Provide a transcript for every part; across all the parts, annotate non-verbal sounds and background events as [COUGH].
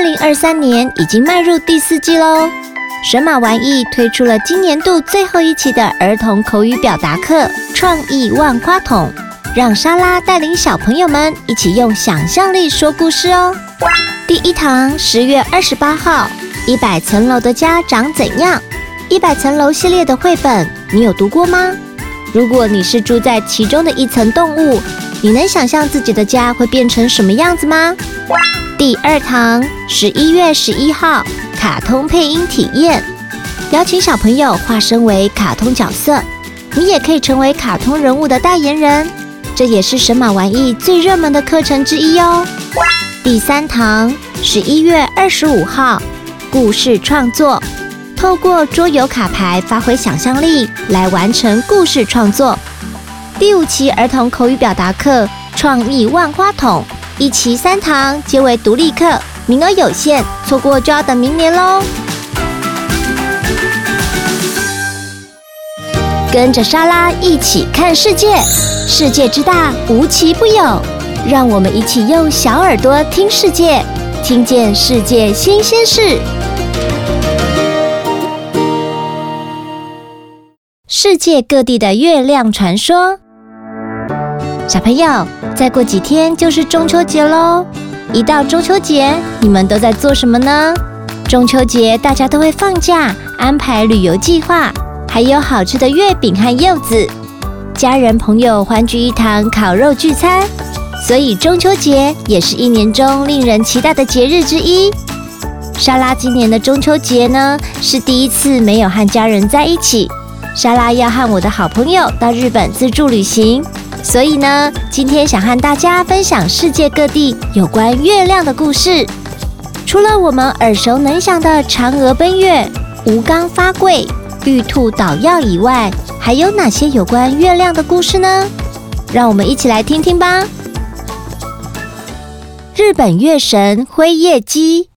二零二三年已經邁入第四季嘍！神馬玩意推出了今年度最後一期的兒童口語表達課《創意萬花筒》，讓莎拉帶領小朋友們一起用想象力說故事哦。第一堂，十月二十八號，《一百層樓的家長怎樣》？一百層樓系列的繪本，你有讀過嗎？如果你是住在其中的一層動物，你能想象自己的家會變成什麼樣子嗎？第二堂，十一月十一號，卡通配音體驗，邀請小朋友化身為卡通角色，你也可以成為卡通人物的代言人，這也是神馬玩意最熱門的課程之一哦。第三堂，十一月二十五號，故事創作，透過桌遊卡牌發揮想象力來完成故事創作。第五期兒童口語表達課《創意萬花筒》，一期三堂，皆為獨立課，名額有限，錯過就要等明年嘍。跟着莎拉一起看世界，世界之大，無奇不有，讓我們一起用小耳朵聽世界，聽見世界新鮮事。世界各地的月亮傳說。小朋友，再過幾天就是中秋節嘍！一到中秋節，你們都在做什麼呢？中秋節大家都會放假，安排旅遊計劃，還有好吃的月餅和柚子，家人朋友歡聚一堂，烤肉聚餐。所以中秋節也是一年中令人期待的節日之一。莎拉今年的中秋節呢，是第一次沒有和家人在一起。莎拉要和我的好朋友到日本自助旅行。所以呢，今天想和大家分享世界各地有關月亮的故事。除了我們耳熟能詳的嫦娥奔月、吳剛伐桂、玉兔搗藥以外，還有哪些有關月亮的故事呢？讓我們一起來聽聽吧。日本月神輝夜姬。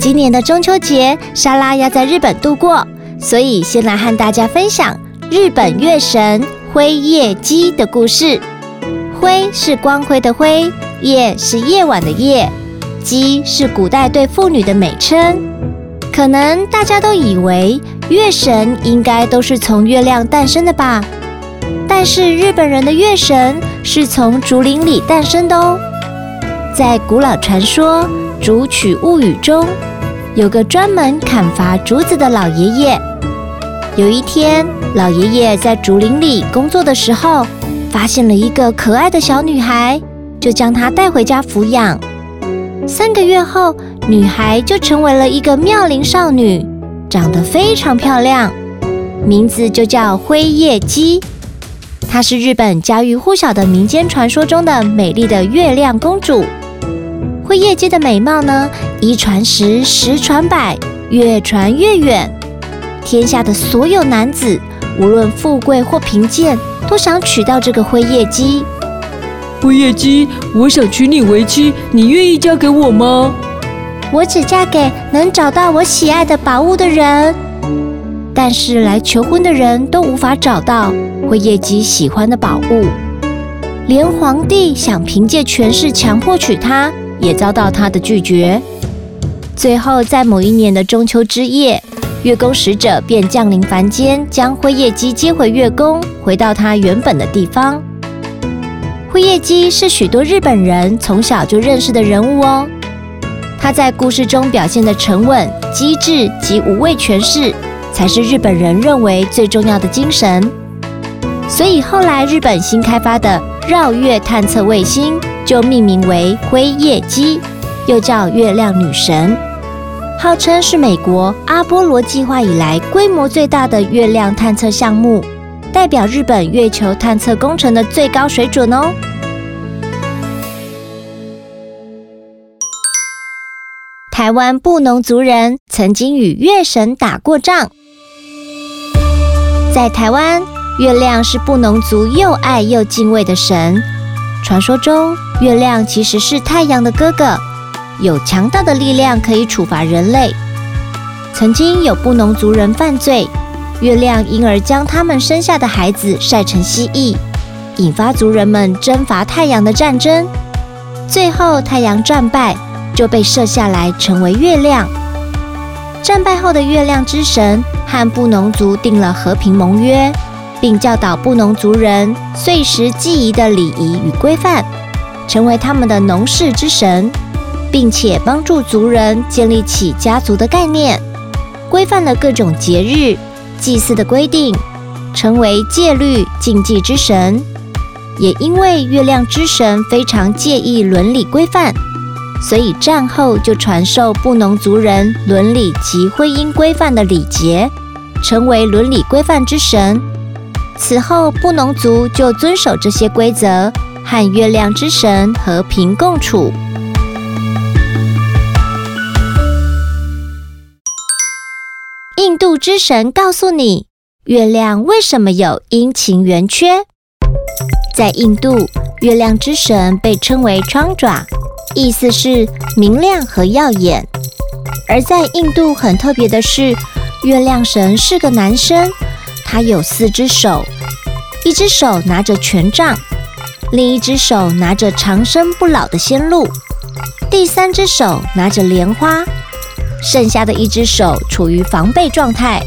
今年的中秋節莎拉要在日本度過，所以先來和大家分享日本月神。輝夜姬的故事，輝是光輝的輝，夜是夜晚的夜，姬是古代對婦女的美稱。可能大家都以為月神應該都是從月亮誕生的吧？但是日本人的月神是從竹林裡誕生的哦。在古老傳說《竹取物語》中，有個專門砍伐竹子的老爺爺。有一天，老爺爺在竹林裡工作的時候，發現了一個可愛的小女孩，就將她帶回家撫養。三個月後，女孩就成為了一個妙齡少女，長得非常漂亮，名字就叫輝夜姬。她是日本家喻戶曉的民間傳說中的美麗的月亮公主。輝夜姬的美貌呢，一傳十，十傳百，越傳越遠。天下的所有男子，無論富貴或貧賤，都想娶到這個輝夜姬。輝夜姬，我想娶你為妻，你願意嫁給我嗎？我只嫁給能找到我喜愛的寶物的人。但是來求婚的人都無法找到輝夜姬喜歡的寶物，連皇帝想憑借權勢強迫娶她，也遭到她的拒絕。最後，在某一年的中秋之夜。月宮使者便降臨凡間，將輝夜姬接回月宮，回到她原本的地方。輝夜姬是許多日本人從小就認識的人物哦。她在故事中表現的沉穩、機智及無畏權勢，才是日本人認為最重要的精神。所以後來日本新開發的繞月探測衛星就命名為輝夜姬，又叫月亮女神。號稱是美國阿波羅計劃以來規模最大的月亮探測項目，代表日本月球探測工程的最高水準哦。台灣布農族人曾經與月神打過仗。在台灣，月亮是布農族又愛又敬畏的神。傳說中，月亮其實是太陽的哥哥。有強大的力量可以處罰人類。曾經有布農族人犯罪，月亮因而將他們生下的孩子曬成蜥蜴，引發族人們征伐太陽的戰爭。最後太陽戰敗，就被射下來成為月亮。戰敗後的月亮之神和布農族訂了和平盟約，並教導布農族人歲時祭儀的禮儀與規範，成為他們的農事之神。並且幫助族人建立起家族的概念，規範了各種節日祭祀的規定，成為戒律禁忌之神。也因為月亮之神非常介意倫理規範，所以戰後就傳授布農族人倫理及婚姻規範的禮節，成為倫理規範之神。此後，布農族就遵守這些規則，和月亮之神和平共處。印度之神告訴你，月亮為什麼有陰晴圓缺？在印度，月亮之神被稱為“窗爪”，意思是明亮和耀眼。而在印度很特別的是，月亮神是個男生，他有四隻手，一隻手拿着權杖，另一隻手拿着長生不老的仙露，第三隻手拿着蓮花。剩下的一隻手處於防備狀態，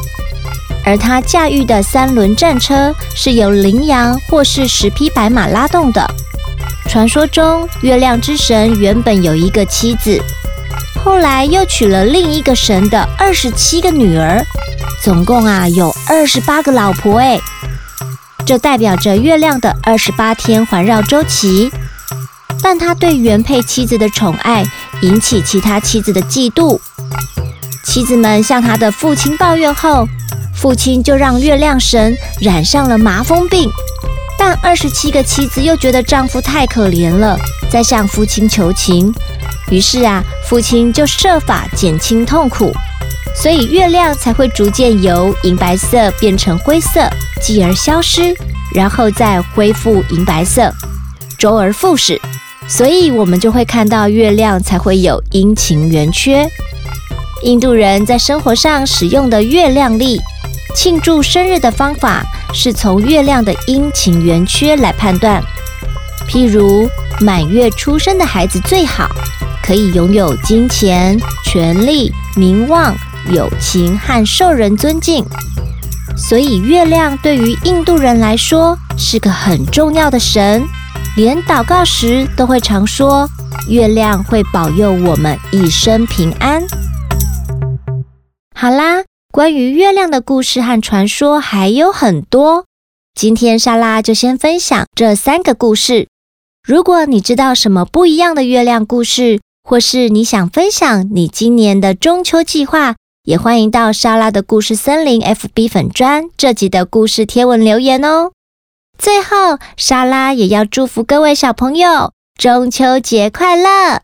而他駕馭的三輪戰車是由羚羊或是十匹白馬拉動的。傳說中，月亮之神原本有一個妻子，後來又娶了另一個神的二十七個女兒，總共啊有二十八個老婆。哎，這代表着月亮的二十八天環繞周期。但他對原配妻子的寵愛，引起其他妻子的嫉妒。妻子們向他的父親抱怨後，父親就讓月亮神染上了麻風病。但二十七個妻子又覺得丈夫太可憐了，再向父親求情。於是啊，父親就設法減輕痛苦，所以月亮才會逐漸由銀白色變成灰色，繼而消失，然後再恢復銀白色，周而復始。所以我們就會看到月亮才會有陰晴圓缺。印度人在生活上使用的月亮曆，慶祝生日的方法是從月亮的陰晴圓缺來判斷。譬如滿月出生的孩子，最好可以擁有金錢、權力、名望、友情和受人尊敬。所以月亮對於印度人來說是個很重要的神，連禱告時都會常說，月亮會保佑我們一生平安。好啦，關於月亮的故事和傳說還有很多。今天莎拉就先分享這三個故事。如果你知道什麼不一樣的月亮故事，或是你想分享你今年的中秋計劃，也歡迎到莎拉的故事森林 FB 粉專這集的故事貼文留言哦。最後，莎拉也要祝福各位小朋友，中秋節快樂！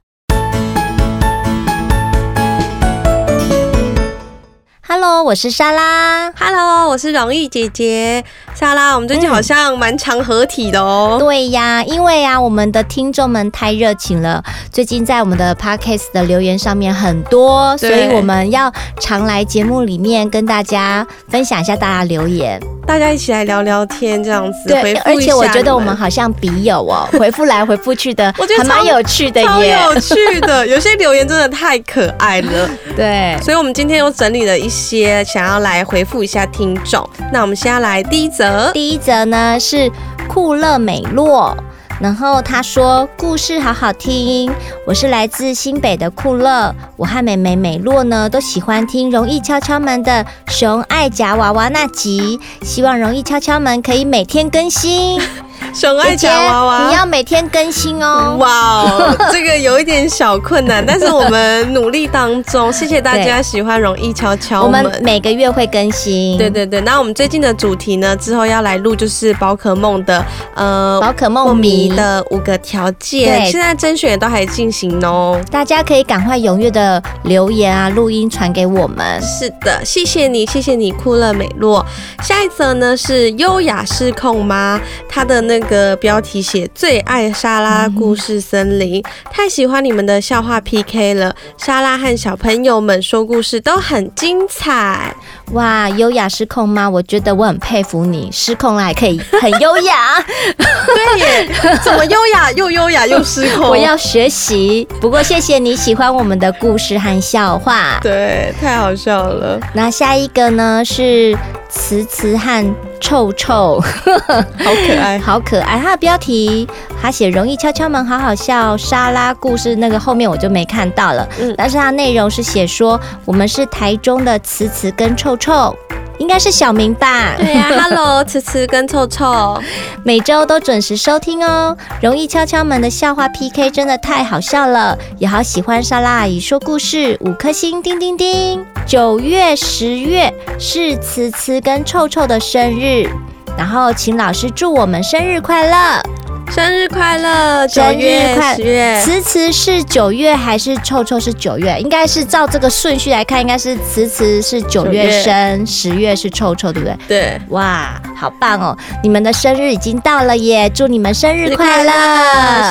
Hello，我是莎拉。Hello，我是容易姊姊。莎拉，我們最近好像蠻常合體的哦、喔嗯。對呀，因為呀，我們的聽眾們太熱情了，最近在我們的 Podcast 的留言上面很多，所以我們要常來節目裡面跟大家分享一下大家留言，大家一起來聊聊天這樣子。對，而且我覺得我們好像筆友哦， [LAUGHS] 回復來回復去的，我覺得蠻有趣的耶，超有趣的。有些留言真的太可愛了。 [LAUGHS] 對，所以我們今天又整理了一些。些想要來回復一下聽眾，那我們先要來第一則。第一則呢是酷樂美洛，然後他說，故事好好聽。我是來自新北的酷樂，我和妹妹美洛呢都喜歡聽《容易敲敲門》的熊愛夾娃娃那集，希望《容易敲敲門》可以每天更新。 [LAUGHS] 熊愛講娃娃姐姐，你要每天更新哦。哇，哦，這個有一點小困難， [LAUGHS] 但是我們努力當中。謝謝大家喜歡《容易敲敲》，我們每個月會更新。對對對，那我們最近的主題呢？之後要來錄就是寶可夢的，呃，寶可夢迷，迷的五個條件。對，現在徵選也都還進行哦，大家可以趕快踴躍的留言啊，錄音傳給我們。是的，謝謝你，謝謝你，酷樂美洛。下一則呢是優雅失控嗎？他的、那個那個標題寫最愛莎拉故事森林、嗯，太喜歡你們的笑話 PK 了。莎拉和小朋友們說故事都很精彩，哇，優雅失控嗎？我覺得我很佩服你，失控啦還可以很優雅。 [LAUGHS] 對耶，怎麼優雅 [LAUGHS] 又優雅又失控？我要學習。不過謝謝你喜歡我們的故事和笑話，對，太好笑了。那下一個呢是詞詞和。臭臭， [LAUGHS] 好可愛，好可愛。它的標題，它寫容易敲敲門，好好笑。莎拉故事那個後面我就沒看到了，但是它內容是寫說，我們是台中的詞詞跟臭臭。應該是小明吧？對呀，哈嘍 l l 慈慈跟臭臭 [LAUGHS] 每周都準時收聽哦。容易敲敲門的笑話 PK 真的太好笑了，也好喜歡莎拉阿姨說故事，五顆星，叮叮叮。九月、十月是慈慈跟臭臭的生日，然後請老師祝我們生日快樂。生日快樂！九月、十月，遲遲是九月還是臭臭是九月？應該是照這個順序來看，應該是遲遲是九月生，十月是臭臭，對不對？對，哇，好棒哦！你們的生日已經到了耶，祝你們生日快樂！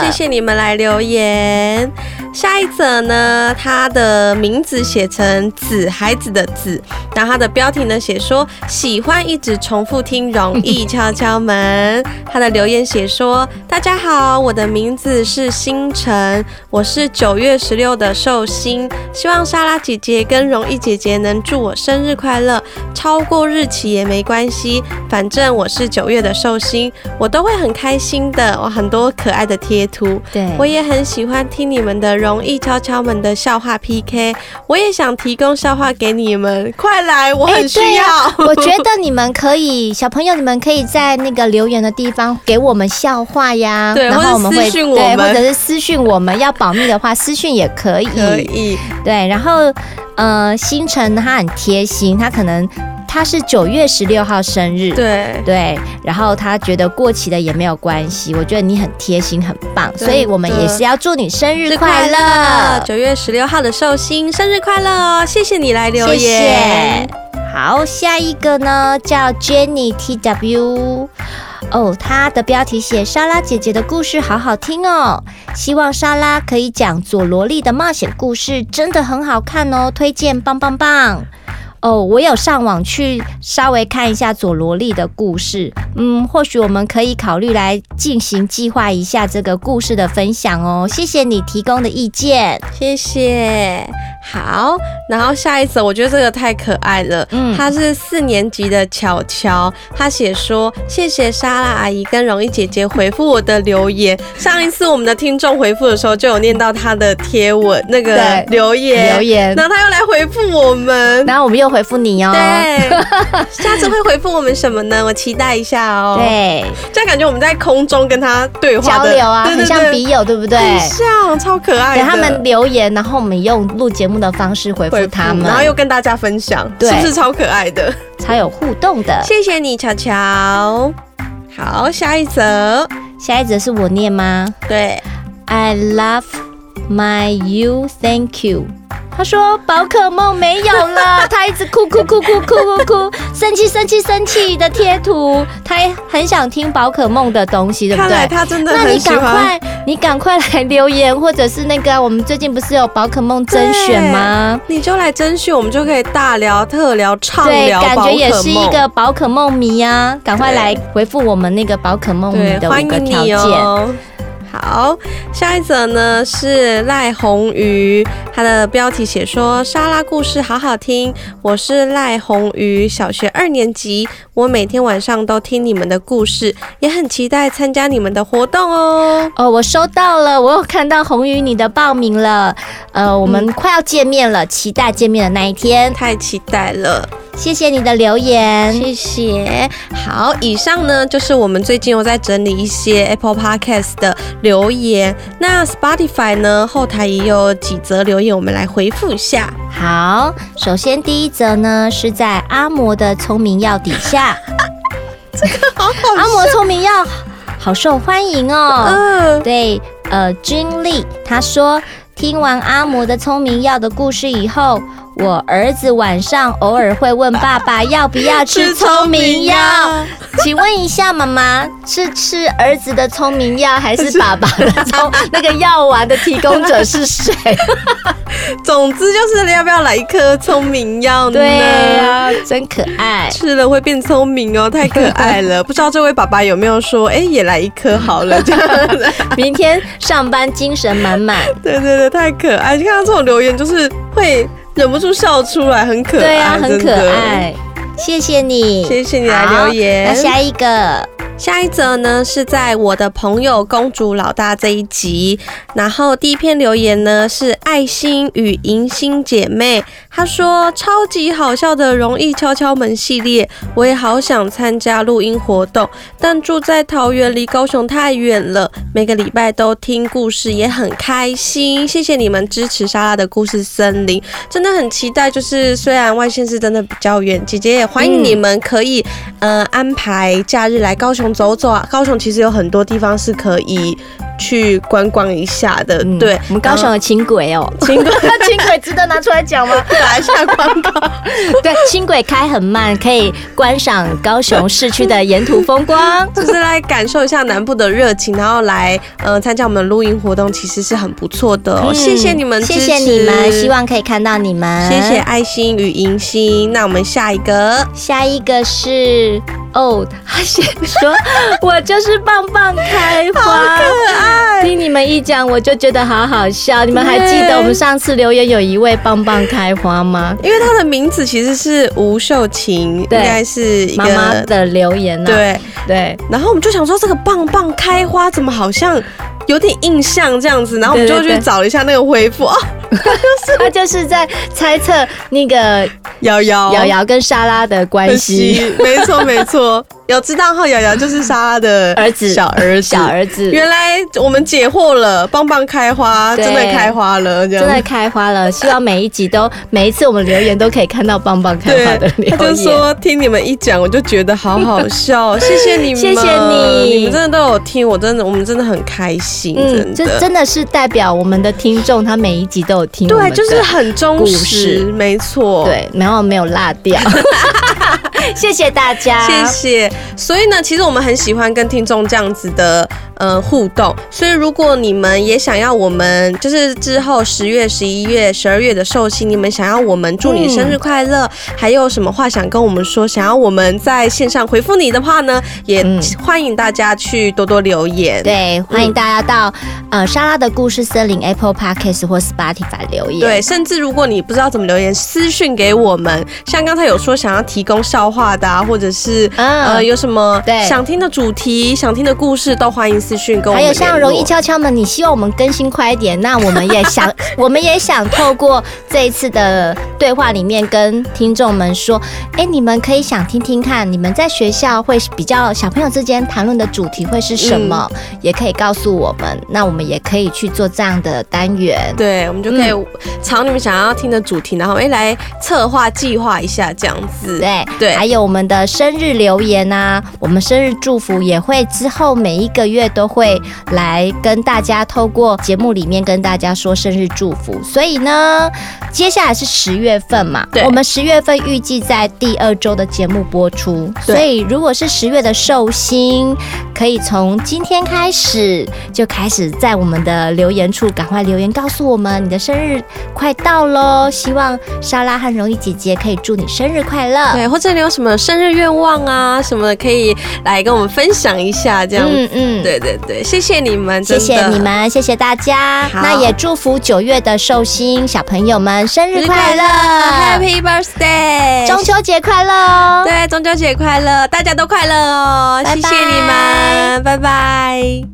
謝謝你們來留言。下一則呢，他的名字寫成子，“孩子”的“子”，然後他的標題呢寫說“喜歡一直重複聽容易敲敲門。” [LAUGHS] 他的留言寫說：“大家好，我的名字是星辰，我是九月十六的壽星，希望莎拉姐姐跟容易姐姐能祝我生日快樂。超過日期也沒關係，反正我是九月的壽星，我都會很開心的。我很多可愛的貼圖，對，我也很喜歡聽你們的。”容易敲敲門的笑話 PK，我也想提供笑話給你們，快來，我很需要、欸對啊。我覺得你們可以，小朋友你們可以在那個留言的地方給我們笑話呀，對，然後我們會我們對，或者是私訊，我們 [LAUGHS] 要保密的話，私訊也可以，可以。對，然後呃，星辰他很貼心，他可能。她是九月十六號生日，對對，然後她覺得過期的也沒有關係，我覺得你很貼心，很棒，所以我們也是要祝你生日快樂，九月十六號的壽星，生日快樂哦，謝謝你來留言。謝謝好，下一個呢叫 Jenny TW，哦，她的標題寫《莎拉姐姐的故事》，好好聽哦，希望莎拉可以講《佐羅力的冒險故事》，真的很好看哦，推薦棒棒棒。哦，我有上網去稍微看一下佐羅力的故事，嗯，或許我們可以考慮來進行計劃一下這個故事的分享哦。謝謝你提供的意見，謝謝。好，然後下一首我覺得這個太可愛了，嗯，他是四年級的巧巧，他寫說，謝謝莎拉阿姨跟容易姐姐回覆我的留言。 [LAUGHS] 上一次我們的聽眾回覆的時候就有念到他的貼文那個留言對留言，那他又來回覆我們， [LAUGHS] 然後我們又。回覆你哦，對， [LAUGHS] 下次會回覆我們什麼呢？我期待一下哦。對，這樣感覺我們在空中跟他對話交流，啊、對對對，很像筆友，對不對？很像，超可愛。給他們留言，然後我們用錄節目的方式回覆他們，然後又跟大家分享，對，是不是超可愛的？超有互動的。謝謝你，喬喬。好，下一則，下一則是我念嗎？對，I love my you, thank you. 他說寶可夢沒有了， [LAUGHS] 他一直哭哭哭哭哭哭哭，生氣生氣生氣的貼圖，他也很想聽寶可夢的東西，對不對？看來他真的很喜歡。那你趕快， [LAUGHS] 你趕快來留言，或者是那個我們最近不是有寶可夢甄選嗎？你就來甄選，我們就可以大聊特聊暢聊。對，感覺也是一個寶可夢迷啊，趕快來回復我們那個寶可夢迷的五個條件。好，下一則呢，是賴紅宇，他的標題寫說莎拉故事好好聽。我是賴紅宇，小學二年級，我每天晚上都聽你們的故事，也很期待參加你們的活動哦。哦，我收到了，我有看到紅魚你的報名了。呃，我們快要見面了，期待見面的那一天，嗯，太期待了。謝謝你的留言，謝謝。好，以上呢就是我們最近有在整理一些 Apple Podcast 的留言。那 Spotify 呢，後台也有幾則留言，我們來回復一下。好，首先第一則呢是在阿摩的聰明藥底下， [LAUGHS] 啊、這個好好笑。阿摩聰明藥好受歡迎哦。嗯、對，呃，君力，他說聽完阿摩的聰明藥的故事以後，我兒子晚上偶爾會問爸爸要不要吃聰明藥，請問一下媽媽，是吃兒子的聰明藥還是爸爸的聰？那個藥丸的提供者是誰？ [LAUGHS] 總之就是要不要來一顆聰明藥呢？對呀，真可愛， [LAUGHS] 吃了會變聰明哦，太可愛了。 [LAUGHS] 不知道這位爸爸有沒有說，哎、欸，也來一顆好了，這樣子 [LAUGHS] 明天上班精神滿滿。對對對，太可愛！你看他這種留言就是會。忍不住笑出來，很可愛，對呀、啊，很可愛。謝謝你，謝謝你來留言。來下一個。下一則呢是在我的朋友公主老大這一集，然後第一篇留言呢是愛心與銀心姐妹，她說，超級好笑的容易敲敲門系列，我也好想參加錄音活動，但住在桃園離高雄太遠了，每個禮拜都聽故事也很開心，謝謝你們支持莎拉的故事森林，真的很期待。就是雖然外縣市真的比較遠，姐姐也歡迎你們可以、嗯、呃安排假日來高雄，走走啊，高雄其實有很多地方是可以去觀光一下的。嗯、對，我們高雄的輕軌哦，輕軌，輕軌值得拿出來講嗎？打一下廣告。對，輕軌開很慢，可以觀賞高雄市區的沿途風光， [LAUGHS] 就是來感受一下南部的熱情，然後來呃參加我們錄音活動，其實是很不錯的、哦嗯。謝謝你們，謝謝你們，希望可以看到你們，謝謝愛心與銀心。那我們下一個，下一個是。哦、oh，他先說，我就是棒棒開花， [LAUGHS] 好可愛，聽你們一講，我就覺得好好笑。你們還記得我們上次留言有一位棒棒開花嗎？因為他的名字其實是吳秀琴，應該是媽媽的留言、啊。對對。然後我們就想說，這個棒棒開花怎麼好像有點印象這樣子？然後我們就去找了一下那個回復哦，對對對對啊、 [LAUGHS] 他就是在猜測那個瑤瑤瑤瑤跟莎拉的關係。沒錯沒錯 [LAUGHS] 有知道浩瑤瑤就是莎拉的小兒子，小兒子，小兒子。原來我們解惑了，棒棒開花，真的開花了這樣，真的開花了。希望每一集都，每一次我們留言都可以看到棒棒開花的留言。他就說，聽你們一講，我就覺得好好笑。 [LAUGHS] 謝謝你們，謝謝你，你們真的都有聽，我真的，我們真的很開心。這真、嗯、真的是代表我們的聽眾，他每一集都有聽，對，就是很忠實，沒錯，對，然後沒有落掉。 [LAUGHS] 謝謝大家，謝謝。所以呢，其實我們很喜歡跟聽眾這樣子的。呃、嗯，互動。所以，如果你們也想要我們，就是之後十月、十一月、十二月的壽星，你們想要我們祝你生日快樂、嗯，還有什麼話想跟我們說，想要我們在線上回復你的話呢？也歡迎大家去多多留言。嗯嗯、對，歡迎大家到呃、嗯、莎拉的故事森林 Apple Podcast 或 Spotify 留言。對，甚至如果你不知道怎麼留言，私訊給我們。像剛才有說想要提供笑話的、啊，或者是、嗯、呃有什麼對，想聽的主題、想聽的故事，都歡迎。還有像《容易敲敲門》，你希望我們更新快一點，那我們也想， [LAUGHS] 我們也想透過這一次的對話裡面跟聽眾們說，哎、欸，你們可以想聽聽看，你們在學校會比較小朋友之間談論的主題會是什麼，嗯、也可以告訴我們，那我們也可以去做這樣的單元，對，我們就可以朝你們想要聽的主題，嗯、然後哎，來策劃計劃一下這樣子，對對，還有我們的生日留言啊，我們生日祝福也會之後每一個月，都會來跟大家透過節目裡面跟大家說生日祝福，所以呢，接下來是十月份嘛，對，我們十月份預計在第二周的節目播出，所以如果是十月的壽星，可以從今天開始就開始在我們的留言處趕快留言告訴我們你的生日快到嘍，希望莎拉和容易姐姐可以祝你生日快樂，對，或者你有什麼生日願望啊什麼的，可以來跟我們分享一下，這樣，嗯嗯，對。對，對對，謝謝你們，謝謝你們，謝謝大家。好。那也祝福九月的壽星小朋友們生日快樂，生日快樂，Happy Birthday！中秋節快樂哦，對，中秋節快樂，大家都快樂哦。Bye bye。謝謝你們，拜拜。